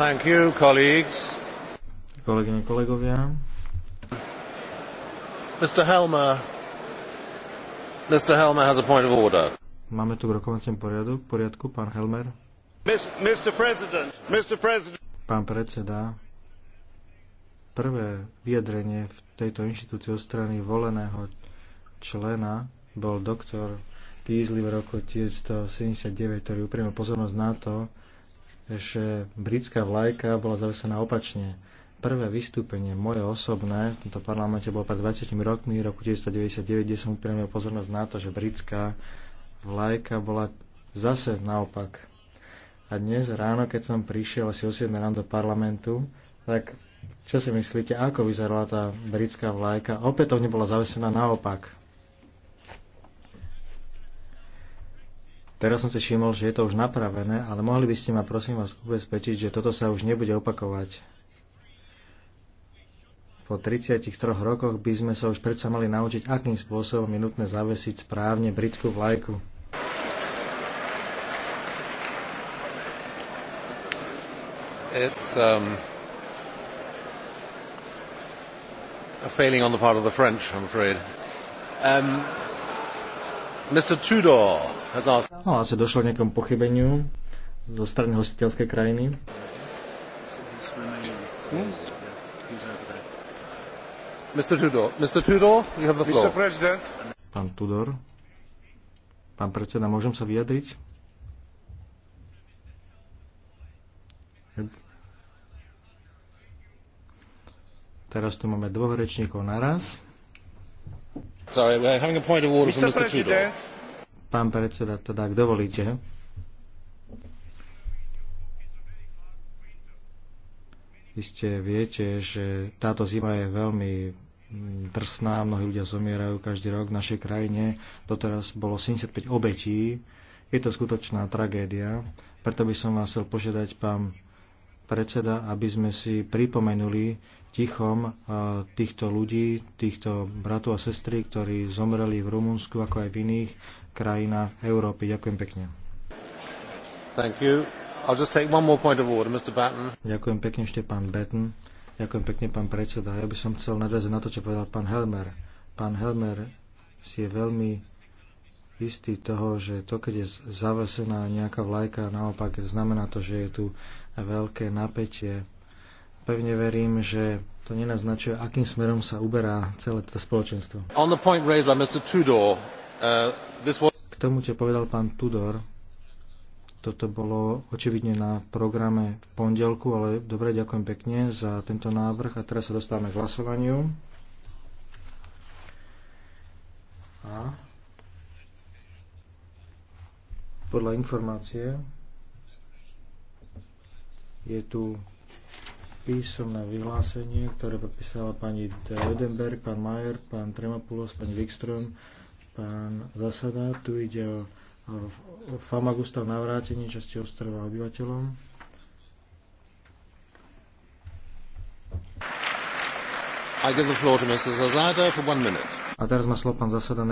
Thank you, colleagues. Kolegyne, kolegovia. Mr. Helmer. Mr. Helmer has a point of order. Máme tu v rokovacom poriadku, pán Helmer. Mr. President, Mr. President. Pán predseda, prvé vyjadrenie v tejto inštitúcii od strany voleného člena bol doktor Pízli v roku 1979, ktorý upriamil pozornosť na to, že britská vlajka bola zavesená opačne. Prvé vystúpenie moje osobné v tomto parlamente bolo pred 20 rokmi, roku 1999, kde som upriamil pozornosť na to, že britská vlajka bola zase naopak. A dnes ráno, keď som prišiel asi o 7 ráno do parlamentu, tak čo si myslíte, ako vyzerala tá britská vlajka? Opätovne bola zavesená naopak. Teraz som si všimol, že je to už napravené, ale mohli by ste ma prosím vás ubezpečiť, že toto sa už nebude opakovať. Po 33 rokoch by sme sa už predsa mali naučiť, akým spôsobom je nutné zavesiť správne britskú vlajku. It's, um, a failing on the part of the French, I'm afraid. Um, Mr. Tudor has asked No asi došlo k nejakom pochybeniu zo strany hostiteľskej krajiny. Mr. Tudor, Mr. Tudor, you have the floor. Mr. President. Pán Tudor, pán predseda, môžem sa vyjadriť? Teraz tu máme dvoch rečníkov naraz. Sorry, we're having a point of order Mr. from Mr. President. Tudor. Pán predseda, teda ak dovolíte. Iste viete, že táto zima je veľmi drsná, mnohí ľudia zomierajú každý rok v našej krajine. Doteraz bolo 75 obetí. Je to skutočná tragédia, preto by som vás chcel požiadať, pán predseda, aby sme si pripomenuli tichom eh, týchto ľudí, týchto bratov a sestry, ktorí zomreli v Rumunsku ako aj v iných krajinách Európy. Ďakujem pekne. Thank you. I'll just take one more point of order, Mr. Batten. Ďakujem pekne ešte pán Batten. Ďakujem pekne pán predseda. Ja by som chcel nadviazať na to, čo povedal pán Helmer. Pán Helmer si je veľmi istý toho, že to, keď je zavesená nejaká vlajka, naopak znamená to, že je tu veľké napätie. Pevne verím, že to nenaznačuje, akým smerom sa uberá celé toto spoločenstvo. On the point raised by Mr. Trudeau, uh, this was tomu, čo povedal pán Tudor, toto bolo očividne na programe v pondelku, ale dobre, ďakujem pekne za tento návrh a teraz sa dostávame k hlasovaniu. A podľa informácie je tu písomné vyhlásenie, ktoré podpísala pani Oedenberg, pán Majer, pán Tremapulos, pani Wikström, pán zasada. Tu ide o, o Famagusta navrátenie časti ostrova obyvateľom. I give the floor to Mr. Zazada for one minute. A teraz má slovo pán zasada